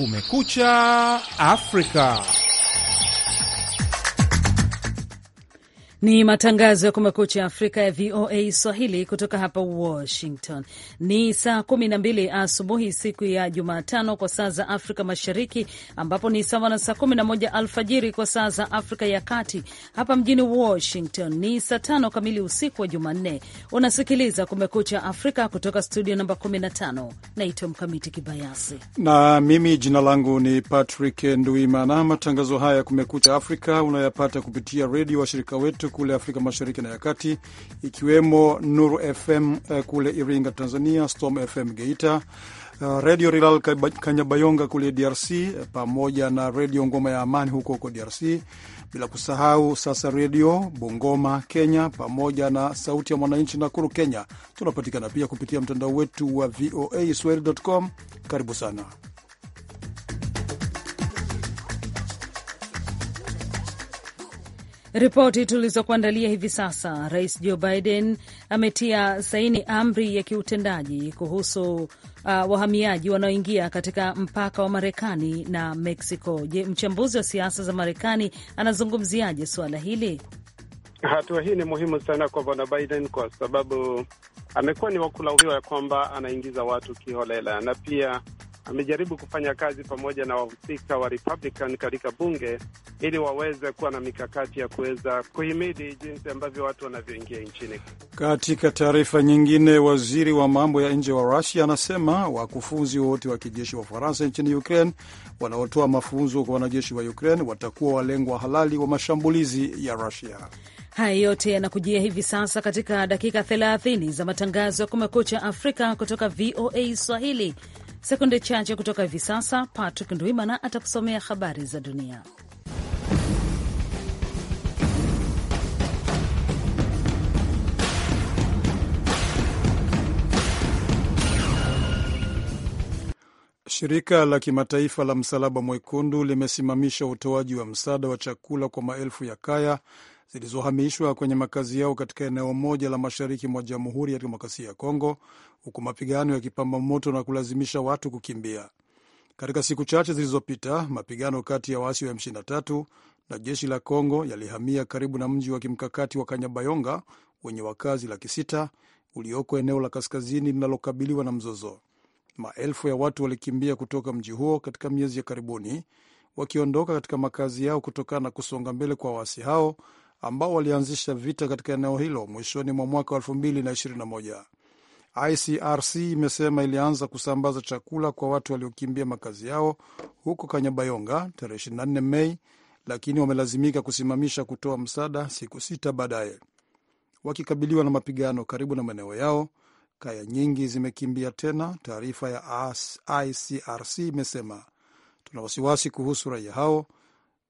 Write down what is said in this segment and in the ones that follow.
Kumekucha Afrika. Ni matangazo ya Kumekucha Afrika ya VOA Swahili kutoka hapa Washington. Ni saa kumi na mbili asubuhi siku ya Jumatano kwa saa za Afrika Mashariki, ambapo ni sawa na saa kumi na moja alfajiri kwa saa za Afrika ya Kati. Hapa mjini Washington ni saa tano kamili usiku wa Jumanne. Unasikiliza Kumekucha Afrika kutoka studio namba 15. Naitwa Mkamiti Kibayasi na mimi jina langu ni Patrick Nduimana. Matangazo haya ya Kumekucha Afrika unayapata kupitia redio washirika wetu kule Afrika Mashariki na ya Kati, ikiwemo Nuru FM eh, kule Iringa, Tanzania, Storm FM Geita, eh, radio Rilal Kanyabayonga kule DRC, eh, pamoja na redio Ngoma ya Amani huko huko DRC, bila kusahau sasa redio Bungoma Kenya, pamoja na Sauti ya Mwananchi Nakuru Kenya. Tunapatikana pia kupitia mtandao wetu wa VOA swahili.com. Karibu sana. Ripoti tulizokuandalia hivi sasa. Rais Joe Biden ametia saini amri ya kiutendaji kuhusu uh, wahamiaji wanaoingia katika mpaka wa Marekani na Mexico. Je, mchambuzi wa siasa za Marekani anazungumziaje suala hili? Hatua hii ni muhimu sana kwa bwana Biden kwa sababu amekuwa ni wakulaumiwa ya kwamba anaingiza watu kiholela na pia amejaribu kufanya kazi pamoja na wahusika wa Republican katika bunge ili waweze kuwa na mikakati ya kuweza kuhimidi jinsi ambavyo watu wanavyoingia nchini. Katika taarifa nyingine, waziri wa mambo ya nje wa Rusia anasema wakufunzi wote wa kijeshi wa Ufaransa nchini Ukraine wanaotoa mafunzo kwa wanajeshi wa Ukraine watakuwa walengwa halali wa mashambulizi ya Rusia. Haya yote yanakujia hivi sasa katika dakika 30 za matangazo ya Kumekucha Afrika kutoka VOA Swahili. Sekunde chache kutoka hivi sasa, Patrick Ndwimana atakusomea habari za dunia. Shirika la kimataifa la Msalaba Mwekundu limesimamisha utoaji wa msaada wa chakula kwa maelfu ya kaya zilizohamishwa kwenye makazi yao katika eneo moja la mashariki mwa Jamhuri ya Demokrasia ya Kongo, huku mapigano yakipamba moto na kulazimisha watu kukimbia. Katika siku chache zilizopita, mapigano kati ya waasi wa M23 na jeshi la Kongo yalihamia karibu na mji wa kimkakati wa Kanyabayonga wenye wakazi laki sita ulioko eneo la kaskazini linalokabiliwa na mzozo. Maelfu ya watu walikimbia kutoka mji huo katika miezi ya karibuni, wakiondoka katika makazi yao kutokana na kusonga mbele kwa waasi hao ambao walianzisha vita katika eneo hilo mwishoni mwa mwaka wa 2021. ICRC imesema ilianza kusambaza chakula kwa watu waliokimbia makazi yao huko Kanyabayonga tarehe 24 Mei, lakini wamelazimika kusimamisha kutoa msaada siku sita baadaye. Wakikabiliwa na mapigano karibu na maeneo yao, kaya nyingi zimekimbia tena. Taarifa ya ICRC imesema tuna wasiwasi kuhusu raia hao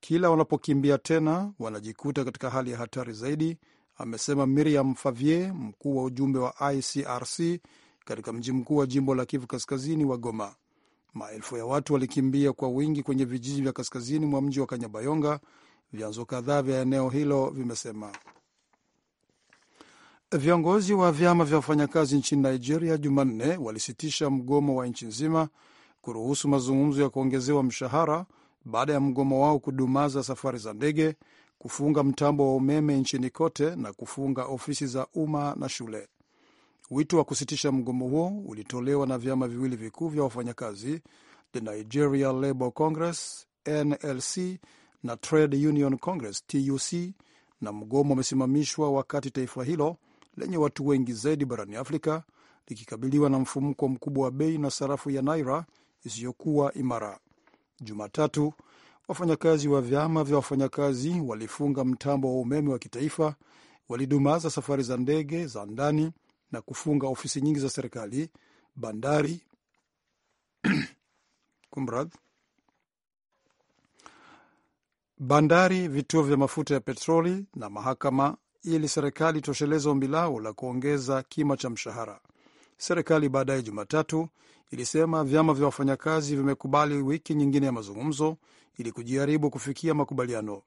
kila wanapokimbia tena wanajikuta katika hali ya hatari zaidi, amesema Miriam Favier, mkuu wa ujumbe wa ICRC katika mji mkuu wa jimbo la Kivu Kaskazini wa Goma. Maelfu ya watu walikimbia kwa wingi kwenye vijiji vya kaskazini mwa mji wa Kanyabayonga, vyanzo kadhaa vya eneo hilo vimesema. Viongozi wa vyama vya wafanyakazi nchini Nigeria Jumanne walisitisha mgomo wa nchi nzima kuruhusu mazungumzo ya kuongezewa mshahara baada ya mgomo wao kudumaza safari za ndege, kufunga mtambo wa umeme nchini kote na kufunga ofisi za umma na shule. Wito wa kusitisha mgomo huo ulitolewa na vyama viwili vikuu vya wafanyakazi, the Nigeria Labour Congress NLC na Trade Union Congress TUC, na mgomo umesimamishwa wakati taifa hilo lenye watu wengi zaidi barani Afrika likikabiliwa na mfumuko mkubwa wa bei na sarafu ya naira isiyokuwa imara. Jumatatu, wafanyakazi wa vyama vya wafanyakazi walifunga mtambo wa umeme wa kitaifa, walidumaza safari za ndege za ndani na kufunga ofisi nyingi za serikali, bandari kumradhi, bandari, vituo vya mafuta ya petroli na mahakama, ili serikali itosheleza ombi lao la kuongeza kima cha mshahara. Serikali baadaye Jumatatu ilisema vyama vya wafanyakazi vimekubali wiki nyingine ya mazungumzo ili kujaribu kufikia makubaliano.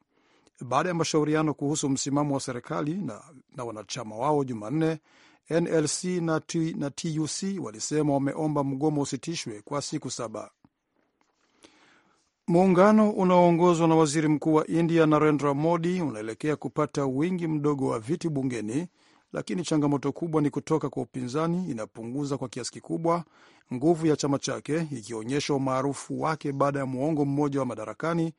Baada ya mashauriano kuhusu msimamo wa serikali na, na wanachama wao Jumanne, NLC na, T, na TUC walisema wameomba mgomo usitishwe kwa siku saba. Muungano unaoongozwa na waziri mkuu wa India Narendra Modi unaelekea kupata wingi mdogo wa viti bungeni lakini changamoto kubwa ni kutoka kwa upinzani. Inapunguza kwa kiasi kikubwa nguvu ya chama chake, ikionyesha umaarufu wake baada ya muongo mmoja wa madarakani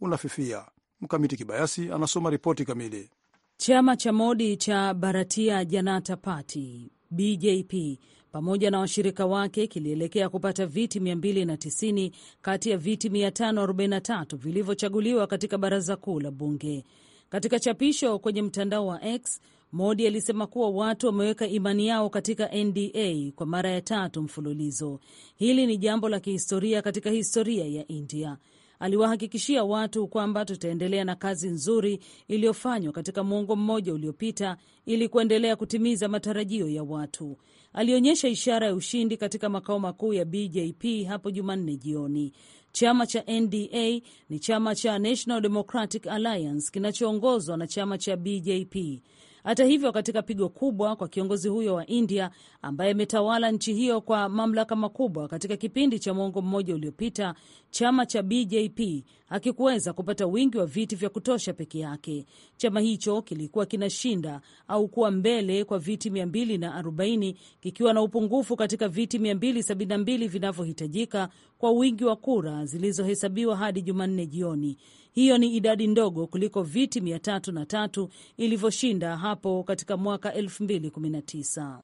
unafifia. Mkamiti Kibayasi anasoma ripoti kamili. Chama cha Modi cha Bharatiya Janata Party BJP pamoja na washirika wake kilielekea kupata viti 290 kati ya viti 543 vilivyochaguliwa katika baraza kuu la bunge. Katika chapisho kwenye mtandao wa X, Modi alisema kuwa watu wameweka imani yao katika NDA kwa mara ya tatu mfululizo. Hili ni jambo la kihistoria katika historia ya India. Aliwahakikishia watu kwamba tutaendelea na kazi nzuri iliyofanywa katika mwongo mmoja uliopita ili kuendelea kutimiza matarajio ya watu. Alionyesha ishara ya ushindi katika makao makuu ya BJP hapo Jumanne jioni. Chama cha NDA ni chama cha National Democratic Alliance kinachoongozwa na chama cha BJP. Hata hivyo, katika pigo kubwa kwa kiongozi huyo wa India ambaye ametawala nchi hiyo kwa mamlaka makubwa katika kipindi cha mwongo mmoja uliopita, chama cha BJP hakikuweza kupata wingi wa viti vya kutosha peke yake. Chama hicho kilikuwa kinashinda au kuwa mbele kwa viti 240 kikiwa na upungufu katika viti 272 vinavyohitajika kwa wingi wa kura zilizohesabiwa hadi Jumanne jioni. Hiyo ni idadi ndogo kuliko viti 303 ilivyoshinda hapo katika mwaka 2019.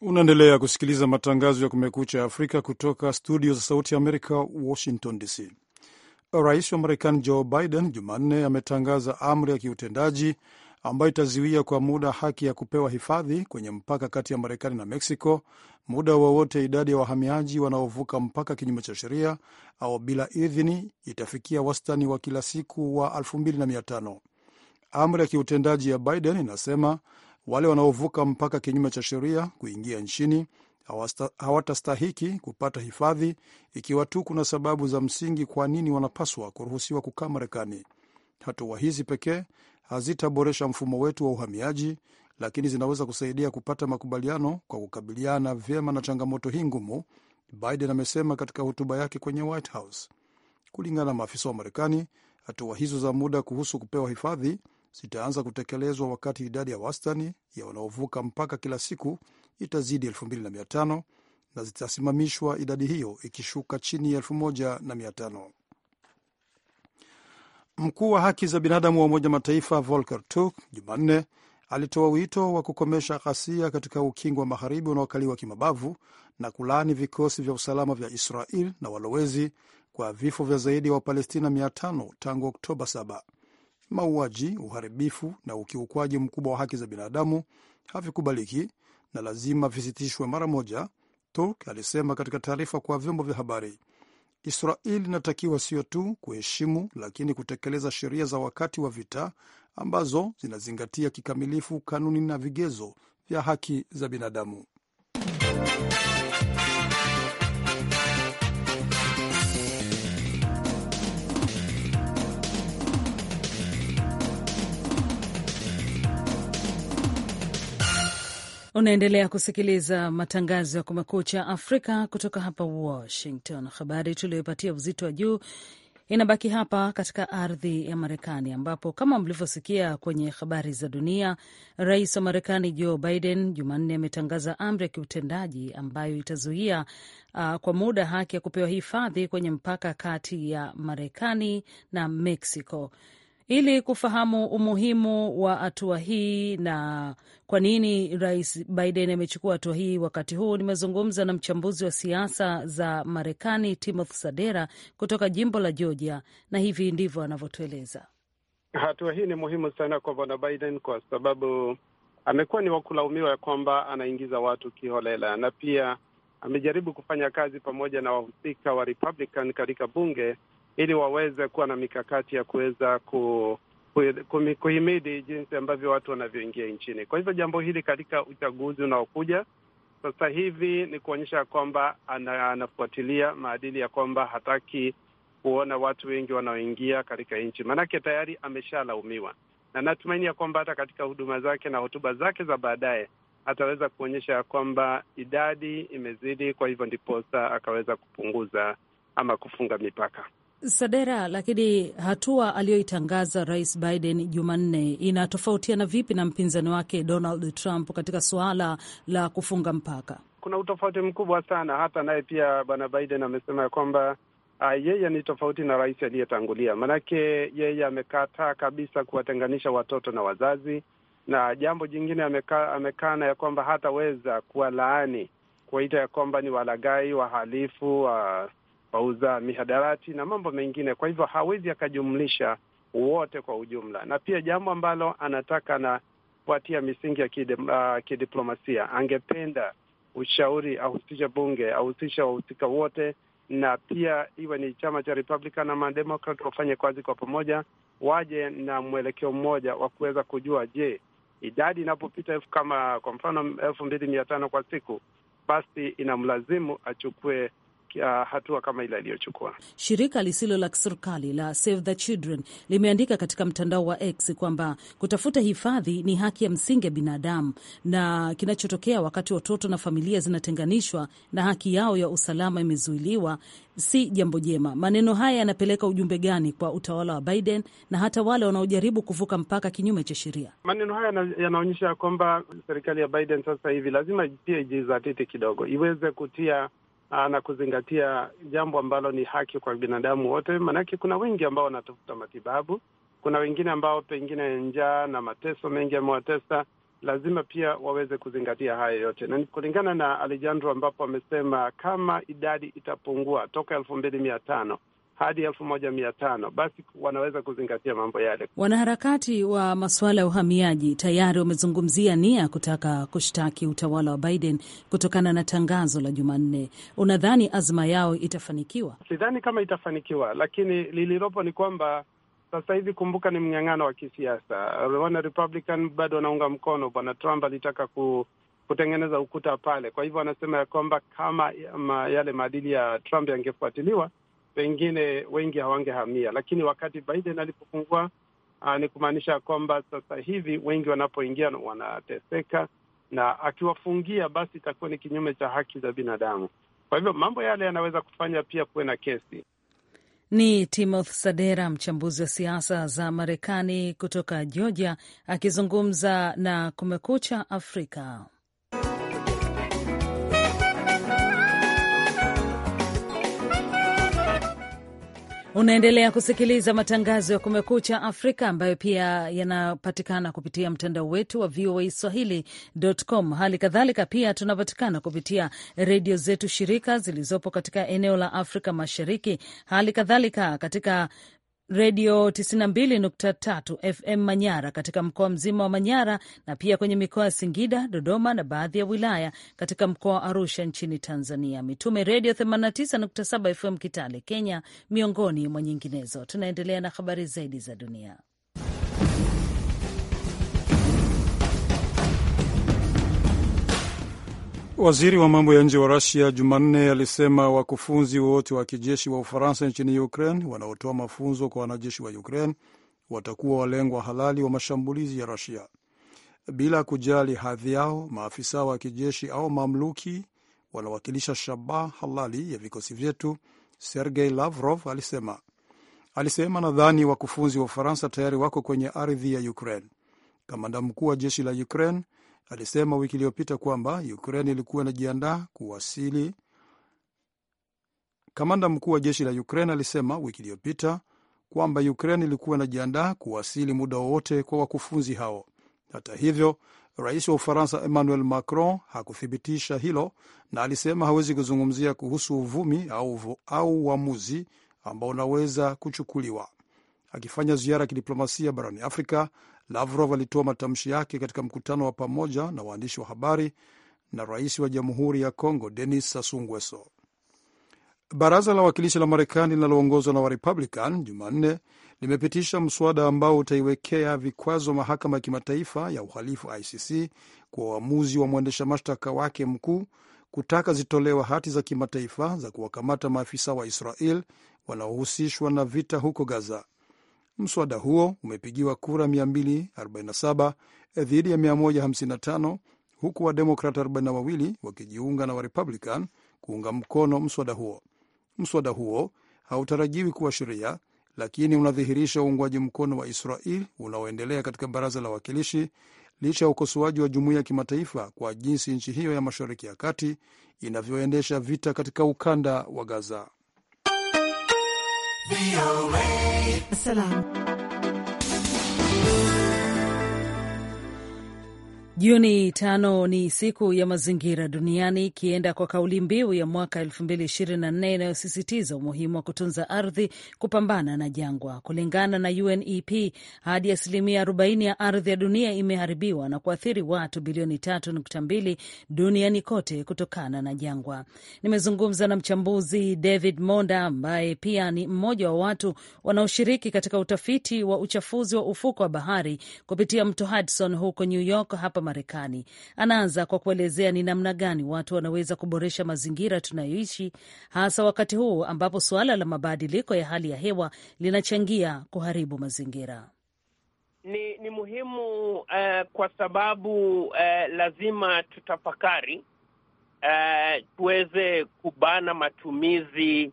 Unaendelea kusikiliza matangazo ya Kumekucha Afrika kutoka studio za Sauti ya Amerika, Washington DC. Rais wa Marekani Joe Biden Jumanne ametangaza amri ya kiutendaji ambayo itazuia kwa muda haki ya kupewa hifadhi kwenye mpaka kati ya Marekani na Meksiko muda wowote idadi ya wahamiaji wanaovuka mpaka kinyume cha sheria au bila idhini itafikia wastani wa kila siku wa 2500. Amri ya kiutendaji ya Biden inasema wale wanaovuka mpaka kinyume cha sheria kuingia nchini hawatastahiki kupata hifadhi ikiwa tu kuna sababu za msingi kwa nini wanapaswa kuruhusiwa kukaa Marekani. Hatua hizi pekee hazitaboresha mfumo wetu wa uhamiaji, lakini zinaweza kusaidia kupata makubaliano kwa kukabiliana vyema na changamoto hii ngumu, Biden amesema katika hotuba yake kwenye White House. Kulingana na maafisa wa Marekani, hatua hizo za muda kuhusu kupewa hifadhi zitaanza kutekelezwa wakati idadi ya wastani ya wanaovuka mpaka kila siku itazidi 25 na zitasimamishwa idadi hiyo ikishuka chini ya elfu Mkuu wa haki za binadamu wa Umoja Mataifa Volker Turk Jumanne alitoa wito wa kukomesha ghasia katika ukingo wa magharibi unaokaliwa kimabavu na kulaani vikosi vya usalama vya Israel na walowezi kwa vifo vya zaidi ya Wapalestina 500 tangu Oktoba 7 mauaji, uharibifu na ukiukwaji mkubwa wa haki za binadamu havikubaliki na lazima visitishwe mara moja, Turk alisema katika taarifa kwa vyombo vya habari. Israel inatakiwa sio tu kuheshimu lakini kutekeleza sheria za wakati wa vita ambazo zinazingatia kikamilifu kanuni na vigezo vya haki za binadamu. Unaendelea kusikiliza matangazo ya Kumekucha Afrika kutoka hapa Washington. Habari tuliyoipatia uzito wa juu inabaki hapa katika ardhi ya Marekani, ambapo kama mlivyosikia kwenye habari za dunia, rais wa Marekani Joe Biden Jumanne ametangaza amri ya kiutendaji ambayo itazuia uh, kwa muda haki ya kupewa hifadhi kwenye mpaka kati ya Marekani na Mexico. Ili kufahamu umuhimu wa hatua hii na kwa nini Rais Biden amechukua hatua hii wakati huu, nimezungumza na mchambuzi wa siasa za Marekani Timothy Sadera kutoka jimbo la Georgia, na hivi ndivyo anavyotueleza. Hatua hii ni muhimu sana kwa bwana Biden kwa sababu amekuwa ni wakulaumiwa ya kwamba anaingiza watu kiholela, na pia amejaribu kufanya kazi pamoja na wahusika wa Republican katika bunge ili waweze kuwa na mikakati ya kuweza ku kuhimidi jinsi ambavyo watu wanavyoingia nchini. Kwa hivyo jambo hili katika uchaguzi unaokuja sasa hivi ni kuonyesha kwamba ana, anafuatilia maadili ya kwamba hataki kuona watu wengi wanaoingia katika nchi, maanake tayari ameshalaumiwa, na natumaini ya kwamba hata katika huduma zake na hotuba zake za baadaye ataweza kuonyesha ya kwamba idadi imezidi, kwa hivyo ndiposa akaweza kupunguza ama kufunga mipaka. Sadera, lakini hatua aliyoitangaza Rais Biden Jumanne inatofautiana vipi na mpinzani wake Donald Trump katika suala la kufunga mpaka? Kuna utofauti mkubwa sana. Hata naye pia bwana Biden amesema ya kwamba uh, yeye ni tofauti na rais aliyetangulia, maanake yeye amekataa kabisa kuwatenganisha watoto na wazazi, na jambo jingine ameka, amekana ya kwamba hataweza kuwalaani kuwaita ya kwamba ni walagai, wahalifu, uh, wauza mihadarati na mambo mengine. Kwa hivyo hawezi akajumlisha wote kwa ujumla, na pia jambo ambalo anataka anafuatia misingi ya uh, kidiplomasia, uh, angependa ushauri ahusishe bunge, ahusishe wahusika wote, na pia iwe ni chama cha Republican na mademokrat wafanye kazi kwa pamoja, waje na mwelekeo mmoja wa kuweza kujua, je, idadi inapopita elfu kama kwa mfano elfu mbili mia tano kwa siku, basi inamlazimu achukue hatua kama ile aliyochukua. Shirika lisilo la kiserikali la Save the Children limeandika katika mtandao wa X kwamba kutafuta hifadhi ni haki ya msingi ya binadamu, na kinachotokea wakati watoto na familia zinatenganishwa na haki yao ya usalama imezuiliwa si jambo jema. Maneno haya yanapeleka ujumbe gani kwa utawala wa Biden na hata wale wanaojaribu kuvuka mpaka kinyume cha sheria? Maneno haya yanaonyesha kwamba serikali ya Biden sasa hivi lazima pia ijizatiti kidogo, iweze kutia Ah, na kuzingatia jambo ambalo ni haki kwa binadamu wote, maanake kuna wengi ambao wanatafuta matibabu, kuna wengine ambao pengine njaa na mateso mengi yamewatesa. Lazima pia waweze kuzingatia haya yote, na kulingana na Alejandro ambapo amesema kama idadi itapungua toka elfu mbili mia tano hadi elfu moja mia tano basi wanaweza kuzingatia mambo yale. Wanaharakati wa masuala ya uhamiaji tayari wamezungumzia nia ya kutaka kushtaki utawala wa Biden kutokana na tangazo la Jumanne. Unadhani azma yao itafanikiwa? Sidhani kama itafanikiwa, lakini lililopo ni kwamba sasa hivi, kumbuka, ni mng'ang'ano wa kisiasa. Wana Republican bado wanaunga mkono bwana Trump, alitaka ku kutengeneza ukuta pale. Kwa hivyo wanasema ya kwamba kama yale maadili ya Trump yangefuatiliwa pengine wengi hawangehamia, lakini wakati Biden uh, ni kumaanisha kwamba sasa hivi wengi wanapoingia wanateseka, na akiwafungia basi itakuwa ni kinyume cha haki za binadamu. Kwa hivyo mambo yale yanaweza kufanya pia kuwe na kesi. Ni Timothy Sadera, mchambuzi wa siasa za Marekani kutoka Georgia, akizungumza na Kumekucha Afrika. Unaendelea kusikiliza matangazo ya Kumekucha Afrika ambayo pia yanapatikana kupitia mtandao wetu wa VOA Swahili.com. Hali kadhalika pia tunapatikana kupitia redio zetu shirika zilizopo katika eneo la Afrika Mashariki, hali kadhalika katika redio 92.3 FM Manyara katika mkoa mzima wa Manyara na pia kwenye mikoa ya Singida, Dodoma na baadhi ya wilaya katika mkoa wa Arusha nchini Tanzania, Mitume redio 89.7 FM Kitale, Kenya, miongoni mwa nyinginezo. Tunaendelea na habari zaidi za dunia. Waziri wa mambo ya nje wa Rusia Jumanne alisema wakufunzi wote wa kijeshi wa Ufaransa nchini Ukraine wanaotoa mafunzo kwa wanajeshi wa Ukraine watakuwa walengwa halali wa mashambulizi ya Rusia bila kujali hadhi yao. Maafisa wa kijeshi au mamluki wanawakilisha shabaha halali ya vikosi vyetu, Sergei Lavrov alisema. Alisema, nadhani wakufunzi wa Ufaransa tayari wako kwenye ardhi ya Ukraine. Kamanda mkuu wa jeshi la Ukraine alisema wiki iliyopita kwamba Ukraine ilikuwa inajiandaa kuwasili. Kamanda mkuu wa jeshi la Ukraine alisema wiki iliyopita kwamba Ukraine ilikuwa inajiandaa kuwasili muda wowote kwa wakufunzi hao. Hata hivyo, rais wa Ufaransa Emmanuel Macron hakuthibitisha hilo na alisema hawezi kuzungumzia kuhusu uvumi au uamuzi ambao unaweza kuchukuliwa. Akifanya ziara ya kidiplomasia barani Afrika, Lavrov alitoa matamshi yake katika mkutano wa pamoja na waandishi wa habari na rais wa Jamhuri ya congo Denis Sassou Nguesso. Baraza la wakilishi la Marekani linaloongozwa na Warepublican Jumanne limepitisha mswada ambao utaiwekea vikwazo mahakama ya kimataifa ya uhalifu ICC kwa uamuzi wa mwendesha mashtaka wake mkuu kutaka zitolewa hati za kimataifa za kuwakamata maafisa wa Israel wanaohusishwa na vita huko Gaza. Mswada huo umepigiwa kura 247 eh, dhidi ya 155 huku Wademokrat 42 wakijiunga na Warepublican kuunga mkono mswada huo. Mswada huo hautarajiwi kuwa sheria, lakini unadhihirisha uungwaji mkono wa Israel unaoendelea katika baraza la wawakilishi licha ya ukosoaji wa jumuiya ya kimataifa kwa jinsi nchi hiyo ya Mashariki ya Kati inavyoendesha vita katika ukanda wa Gaza. VOA. Assalam. Juni tano ni siku ya mazingira duniani ikienda kwa kauli mbiu ya mwaka 2024 inayosisitiza umuhimu wa kutunza ardhi, kupambana na jangwa. Kulingana na UNEP, hadi asilimia 40 ya ardhi ya dunia imeharibiwa na kuathiri watu bilioni 3.2 duniani kote kutokana na jangwa. Nimezungumza na mchambuzi David Monda ambaye pia ni mmoja wa watu wanaoshiriki katika utafiti wa uchafuzi wa ufuko wa bahari kupitia mto Hudson huko New York hapa Marekani. Anaanza kwa kuelezea ni namna gani watu wanaweza kuboresha mazingira tunayoishi, hasa wakati huu ambapo suala la mabadiliko ya hali ya hewa linachangia kuharibu mazingira. Ni, ni muhimu uh, kwa sababu uh, lazima tutafakari uh, tuweze kubana matumizi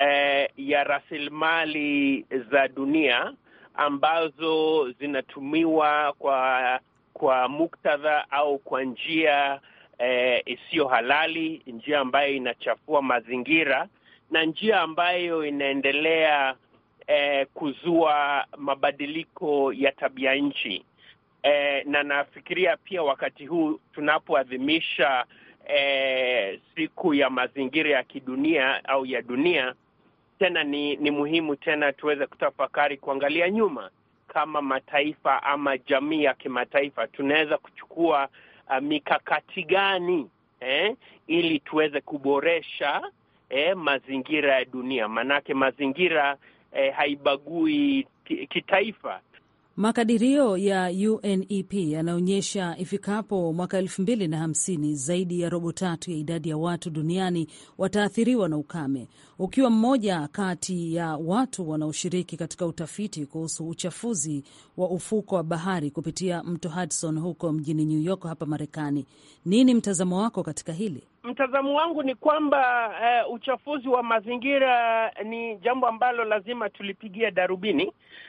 uh, ya rasilimali za dunia ambazo zinatumiwa kwa kwa muktadha au kwa njia eh, isiyo halali, njia ambayo inachafua mazingira na njia ambayo inaendelea eh, kuzua mabadiliko ya tabia nchi. Eh, na nafikiria pia wakati huu tunapoadhimisha eh, siku ya mazingira ya kidunia au ya dunia, tena ni, ni muhimu tena tuweze kutafakari kuangalia nyuma kama mataifa ama jamii ya kimataifa tunaweza kuchukua uh, mikakati gani eh, ili tuweze kuboresha eh, mazingira ya dunia, maanake mazingira eh, haibagui kitaifa. Makadirio ya UNEP yanaonyesha ifikapo mwaka elfu mbili na hamsini zaidi ya robo tatu ya idadi ya watu duniani wataathiriwa na ukame, ukiwa mmoja kati ya watu wanaoshiriki katika utafiti kuhusu uchafuzi wa ufuko wa bahari kupitia mto Hudson huko mjini New York hapa Marekani. Nini mtazamo wako katika hili? Mtazamo wangu ni kwamba uh, uchafuzi wa mazingira ni jambo ambalo lazima tulipigia darubini.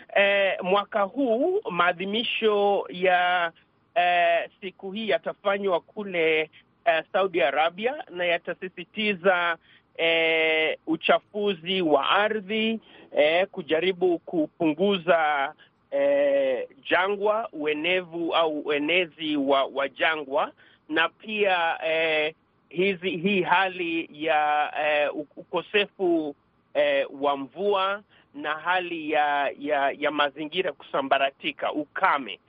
Uh, mwaka huu maadhimisho ya uh, siku hii yatafanywa kule uh, Saudi Arabia na yatasisitiza e, uchafuzi wa ardhi e, kujaribu kupunguza e, jangwa uenevu au uenezi wa, wa jangwa na pia e, hizi hii hali ya e, ukosefu e, wa mvua na hali ya, ya, ya mazingira kusambaratika, ukame.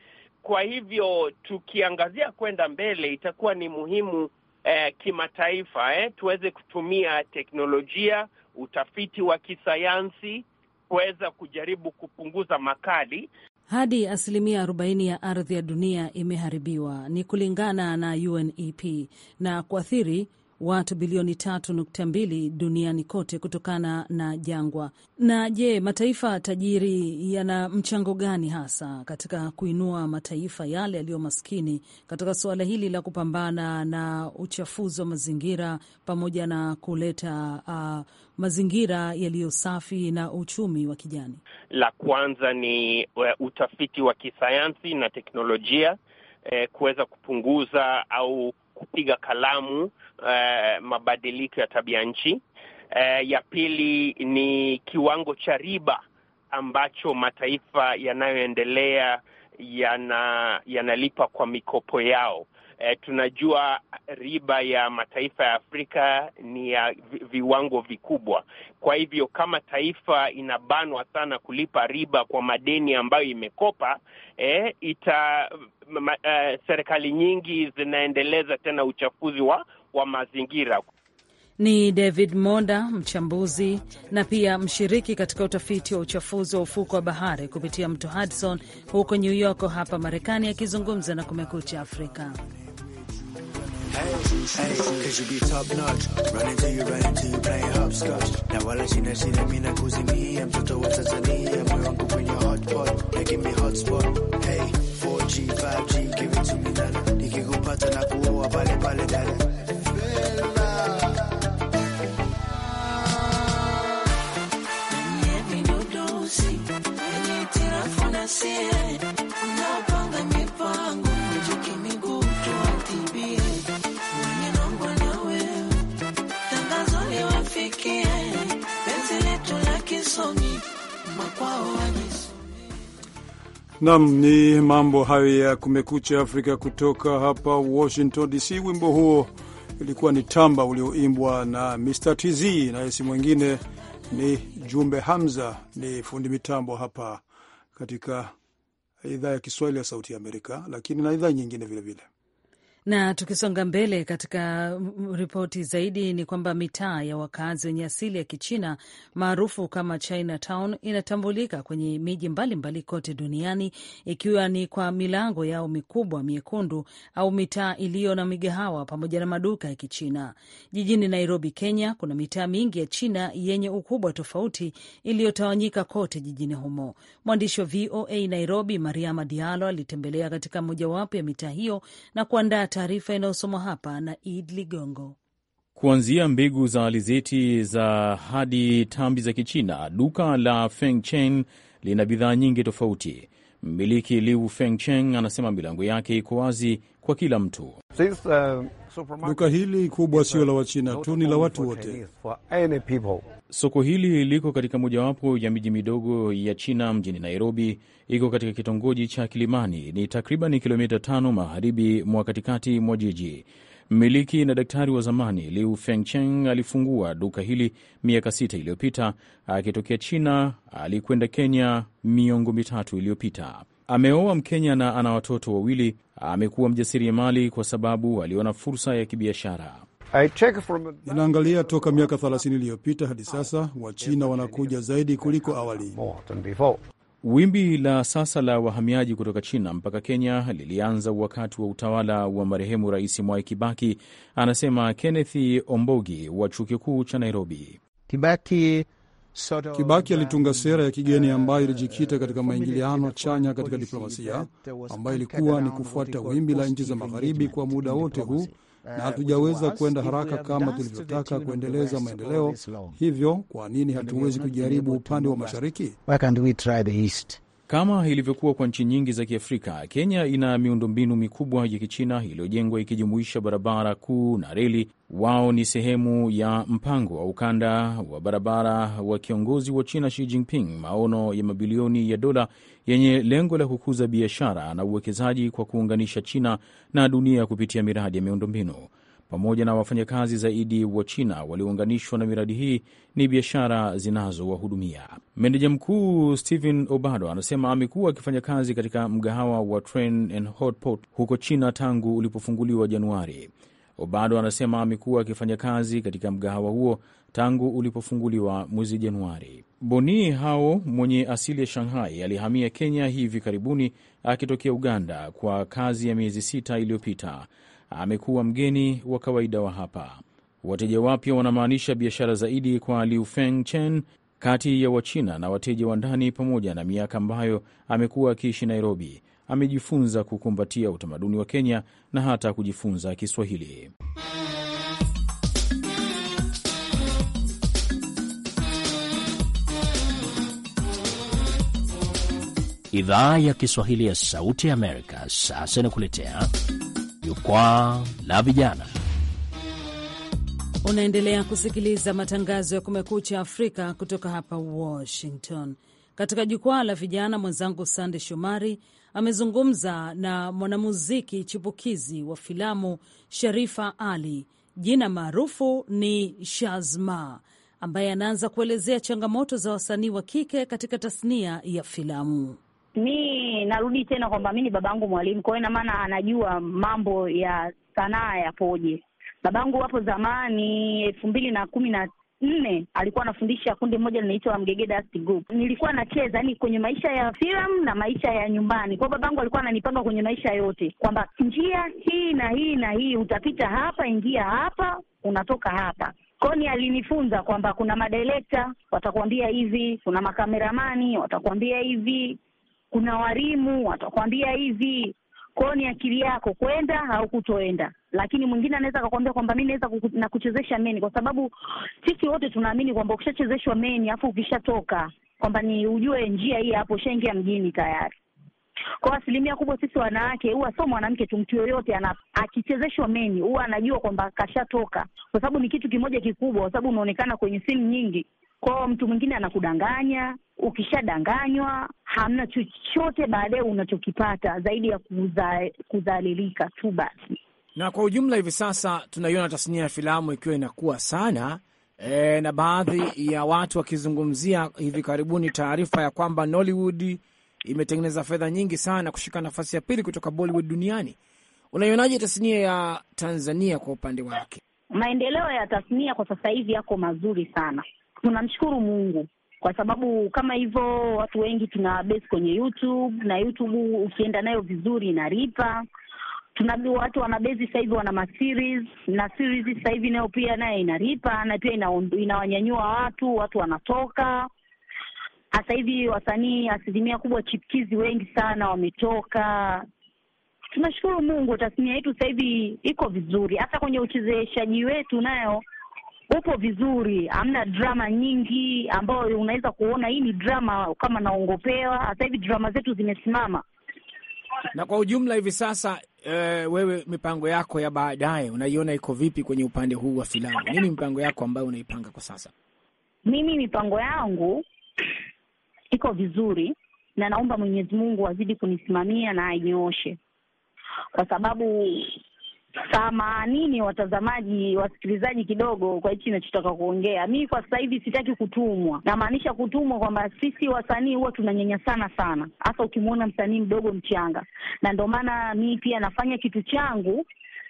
Kwa hivyo tukiangazia kwenda mbele, itakuwa ni muhimu eh, kimataifa eh, tuweze kutumia teknolojia, utafiti wa kisayansi kuweza kujaribu kupunguza makali. Hadi asilimia 40 ya ardhi ya dunia imeharibiwa, ni kulingana na UNEP na kuathiri watu bilioni 3.2 duniani kote kutokana na jangwa. Na je, mataifa tajiri yana mchango gani hasa katika kuinua mataifa yale yaliyo maskini katika suala hili la kupambana na uchafuzi wa mazingira pamoja na kuleta uh, mazingira yaliyo safi na uchumi wa kijani? La kwanza ni uh, utafiti wa kisayansi na teknolojia eh, kuweza kupunguza au kupiga kalamu uh, mabadiliko ya tabia nchi. Uh, ya pili ni kiwango cha riba ambacho mataifa yanayoendelea yana yanalipa kwa mikopo yao. E, tunajua riba ya mataifa ya Afrika ni ya viwango vikubwa. Kwa hivyo kama taifa inabanwa sana kulipa riba kwa madeni ambayo imekopa, e, ita ma, uh, serikali nyingi zinaendeleza tena uchafuzi wa kwa mazingira. Ni David Monda, mchambuzi na pia mshiriki katika utafiti wa uchafuzi wa ufuko wa bahari kupitia mto Hudson huko New York hapa Marekani, akizungumza na Kumekucha Afrika. Hey, Nam ni mambo hayo ya Kumekucha Afrika kutoka hapa Washington DC. Wimbo huo ilikuwa ni tamba ulioimbwa na Mr TZ, naye si mwingine ni Jumbe Hamza, ni fundi mitambo hapa katika idhaa ya Kiswahili ya Sauti ya Amerika, lakini na idhaa nyingine vilevile vile. Na tukisonga mbele katika ripoti zaidi ni kwamba mitaa ya wakazi wenye asili ya Kichina maarufu kama Chinatown inatambulika kwenye miji mbalimbali kote duniani ikiwa ni kwa milango yao mikubwa miekundu au mitaa iliyo na migahawa pamoja na maduka ya Kichina. Jijini Nairobi, Kenya, kuna mitaa mingi ya China yenye ukubwa tofauti iliyotawanyika kote jijini humo. Mwandishi wa VOA Nairobi, Mariama Diallo, alitembelea katika mojawapo ya mitaa hiyo na kuandaa taarifa inayosomwa hapa na Id Ligongo. Kuanzia mbegu za alizeti za hadi tambi za Kichina, duka la Feng Chen lina bidhaa nyingi tofauti. Mmiliki Liu Feng Chen anasema milango yake iko wazi kwa kila mtu. This, uh... Duka hili kubwa sio la Wachina tu, ni la watu wote. Soko hili liko katika mojawapo ya miji midogo ya China mjini Nairobi. Iko katika kitongoji cha Kilimani, ni takriban kilomita tano magharibi mwa katikati mwa jiji. Mmiliki na daktari wa zamani Liu Fengcheng alifungua duka hili miaka sita iliyopita akitokea China. Alikwenda Kenya miongo mitatu iliyopita. Ameoa Mkenya na ana watoto wawili. Amekuwa mjasiriamali kwa sababu aliona fursa ya kibiashara. Ninaangalia toka miaka 30 iliyopita hadi sasa, Wachina wanakuja zaidi kuliko awali. Wimbi la sasa la wahamiaji kutoka China mpaka Kenya lilianza wakati wa utawala wa marehemu Rais Mwai Kibaki, anasema Kenneth Ombogi wa chuo kikuu cha Nairobi. Kibaki Kibaki alitunga sera ya kigeni ambayo ilijikita uh, katika maingiliano chanya katika diplomasia, ambayo ilikuwa ni kufuata wimbi la nchi za magharibi kwa muda wote huu, na uh, hatujaweza kwenda haraka kama tulivyotaka kuendeleza maendeleo. Hivyo kwa nini hatuwezi kujaribu upande wa mashariki? Why can't we try the east? Kama ilivyokuwa kwa nchi nyingi za Kiafrika, Kenya ina miundombinu mikubwa ya Kichina iliyojengwa ikijumuisha barabara kuu na reli. Wao ni sehemu ya mpango wa ukanda wa barabara wa kiongozi wa China Xi Jinping, maono ya mabilioni ya dola yenye lengo la kukuza biashara na uwekezaji kwa kuunganisha China na dunia kupitia miradi ya miundombinu pamoja na wafanyakazi zaidi wa China waliounganishwa na miradi hii ni biashara zinazowahudumia. Meneja mkuu Stephen Obado anasema amekuwa akifanya kazi katika mgahawa wa Train and Hotpot huko China tangu ulipofunguliwa Januari. Obado anasema amekuwa akifanya kazi katika mgahawa huo tangu ulipofunguliwa mwezi Januari. Boni Hao mwenye asili ya Shanghai alihamia Kenya hivi karibuni akitokea Uganda kwa kazi ya miezi sita iliyopita amekuwa mgeni wa kawaida wa hapa. Wateja wapya wanamaanisha biashara zaidi kwa Liu Feng Chen kati ya Wachina na wateja wa ndani. Pamoja na miaka ambayo amekuwa akiishi Nairobi, amejifunza kukumbatia utamaduni wa Kenya na hata kujifunza Kiswahili. Idhaa ya Kiswahili ya Sauti ya Amerika sasa inakuletea jukwaa la vijana. Unaendelea kusikiliza matangazo ya Kumekucha Afrika kutoka hapa Washington. Katika jukwaa la vijana, mwenzangu Sande Shomari amezungumza na mwanamuziki chipukizi wa filamu Sharifa Ali, jina maarufu ni Shazma, ambaye anaanza kuelezea changamoto za wasanii wa kike katika tasnia ya filamu mi narudi tena kwamba mi ni babangu mwalimu, kwa hiyo ina maana anajua mambo ya sanaa yapoje. Babangu hapo zamani elfu mbili na kumi na nne alikuwa anafundisha kundi moja linaitwa Mgegeda Group. Nilikuwa nacheza ni kwenye maisha ya filamu na maisha ya nyumbani. Kwa babangu alikuwa ananipanga kwenye maisha yote kwamba njia hii na hii na hii, utapita hapa, ingia hapa, unatoka hapa. Koni alinifunza kwamba kuna madirekta watakuambia hivi, kuna makameramani watakuambia hivi, kuna walimu watakwambia hivi kwao ni akili yako kwenda au kutoenda, lakini mwingine anaweza akakwambia kwamba mi naweza nakuchezesha meni, kwa sababu sisi wote tunaamini kwamba ukishachezeshwa meni afu ukishatoka kwamba ni ujue njia hii hapo, ushaingia mjini tayari. kwao asilimia kubwa sisi wanawake huwa sio mwanamke tu, mtu yoyote akichezeshwa meni huwa anajua kwamba kashatoka, kwa sababu ni kitu kimoja kikubwa, kwa sababu unaonekana kwenye simu nyingi kwao. Mtu mwingine anakudanganya ukishadanganywa hamna chochote baadaye unachokipata zaidi ya kudhalilika tu basi. Na kwa ujumla, hivi sasa tunaiona tasnia ya filamu ikiwa inakuwa sana e, na baadhi ya watu wakizungumzia hivi karibuni taarifa ya kwamba Nollywood imetengeneza fedha nyingi sana kushika nafasi ya pili kutoka Bollywood duniani. Unaionaje tasnia ya Tanzania kwa upande wake? Maendeleo ya tasnia kwa sasa hivi yako mazuri sana, tunamshukuru Mungu kwa sababu kama hivyo watu wengi tuna base kwenye YouTube na YouTube ukienda nayo vizuri inaripa Tuna watu wana base sasa hivi wana maseries na series sasa hivi nayo pia nayo inaripa na pia ina, inawanyanyua watu, watu wanatoka sasa hivi wasanii asilimia kubwa chipkizi wengi sana wametoka. Tunashukuru Mungu, tasnia yetu sasa hivi iko vizuri, hata kwenye uchezeshaji wetu nayo upo vizuri, hamna drama nyingi ambayo unaweza kuona hii ni drama kama naongopewa. Sasa hivi drama zetu zimesimama. Na kwa ujumla hivi sasa ee, wewe mipango yako ya baadaye unaiona iko vipi kwenye upande huu wa filamu? Nini mipango yako ambayo unaipanga kwa sasa? Mimi mipango yangu iko vizuri, na naomba Mwenyezi Mungu azidi kunisimamia na ainyooshe, kwa sababu Samanini watazamaji, wasikilizaji, kidogo kwa hichi nachotaka kuongea mi. Kwa sasa hivi sitaki kutumwa, namaanisha kutumwa kwamba sisi wasanii huwa tunanyanyasana sana, hasa ukimwona msanii mdogo mchanga, na ndio maana mi pia nafanya kitu changu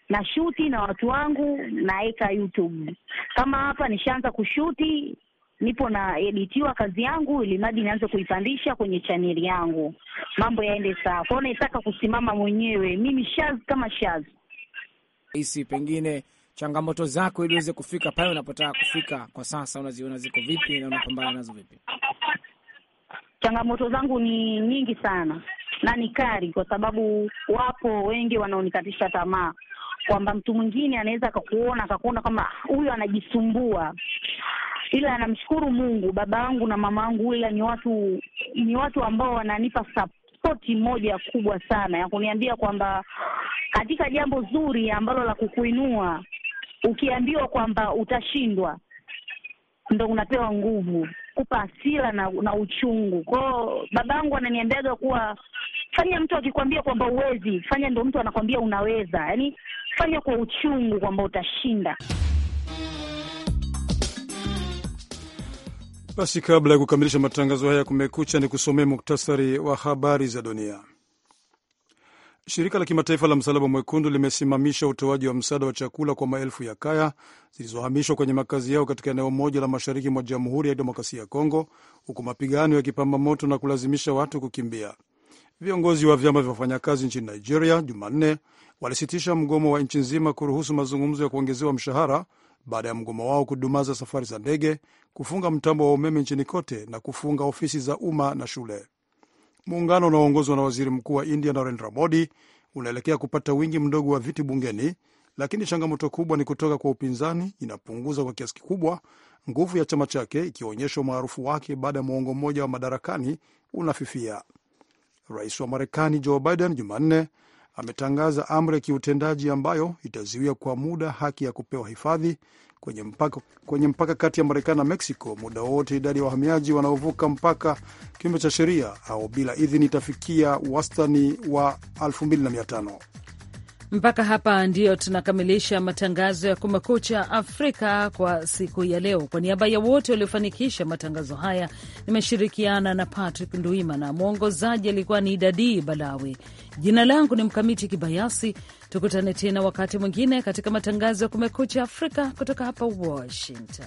na shuti na watu wangu naweka YouTube. Kama hapa nishaanza kushuti, nipo na editiwa kazi yangu, ili madi nianze kuipandisha kwenye chaneli yangu, mambo yaende sawa kwao. Naitaka kusimama mwenyewe mimi Shaz kama Shaz hisi, pengine changamoto zako ili uweze kufika pale unapotaka kufika kwa sasa, unaziona ziko vipi na unapambana nazo vipi? Changamoto zangu ni nyingi sana na ni kali, kwa sababu wapo wengi wanaonikatisha tamaa kwamba mtu mwingine anaweza akakuona akakuona kama huyu anajisumbua, ila namshukuru Mungu, baba wangu na mama wangu, ila ni watu ni watu ambao wananipa support sapoti moja kubwa sana ya kuniambia kwamba katika jambo zuri ambalo la kukuinua, ukiambiwa kwamba utashindwa, ndo unapewa nguvu kupa asira na, na uchungu kwao. Babangu ananiambiaga kuwa fanya, mtu akikwambia kwamba uwezi fanya, ndo mtu anakwambia unaweza, yaani fanya kwa uchungu kwamba utashinda. Basi kabla ya kukamilisha matangazo haya kumekucha, ni kusomea muktasari wa habari za dunia. Shirika la kimataifa la Msalaba Mwekundu limesimamisha utoaji wa msaada wa chakula kwa maelfu ya kaya zilizohamishwa kwenye makazi yao katika eneo moja la mashariki mwa Jamhuri ya Demokrasia ya Kongo, huku mapigano yakipamba moto na kulazimisha watu kukimbia. Viongozi wa vyama vya wafanyakazi nchini Nigeria Jumanne walisitisha mgomo wa nchi nzima kuruhusu mazungumzo ya kuongezewa mshahara baada ya mgomo wao kudumaza safari za ndege kufunga mtambo wa umeme nchini kote na kufunga ofisi za umma na shule. Muungano unaoongozwa na waziri mkuu wa India Narendra Modi unaelekea kupata wingi mdogo wa viti bungeni, lakini changamoto kubwa ni kutoka kwa upinzani. Inapunguza kwa kiasi kikubwa nguvu ya chama chake, ikionyesha umaarufu wake baada ya muongo mmoja wa madarakani unafifia. Rais wa Marekani Joe Biden Jumanne ametangaza amri ya kiutendaji ambayo itazuia kwa muda haki ya kupewa hifadhi kwenye mpaka, kwenye mpaka kati ya Marekani na Meksiko muda wowote idadi ya wa wahamiaji wanaovuka mpaka kinyume cha sheria au bila idhini itafikia wastani wa 2500. Mpaka hapa ndiyo tunakamilisha matangazo ya Kumekucha Afrika kwa siku ya leo. Kwa niaba ya wote waliofanikisha matangazo haya, nimeshirikiana na Patrick Nduimana, mwongozaji alikuwa ni Idadii Balawi. Jina langu ni Mkamiti Kibayasi. Tukutane tena wakati mwingine katika matangazo ya Kumekucha Afrika kutoka hapa Washington.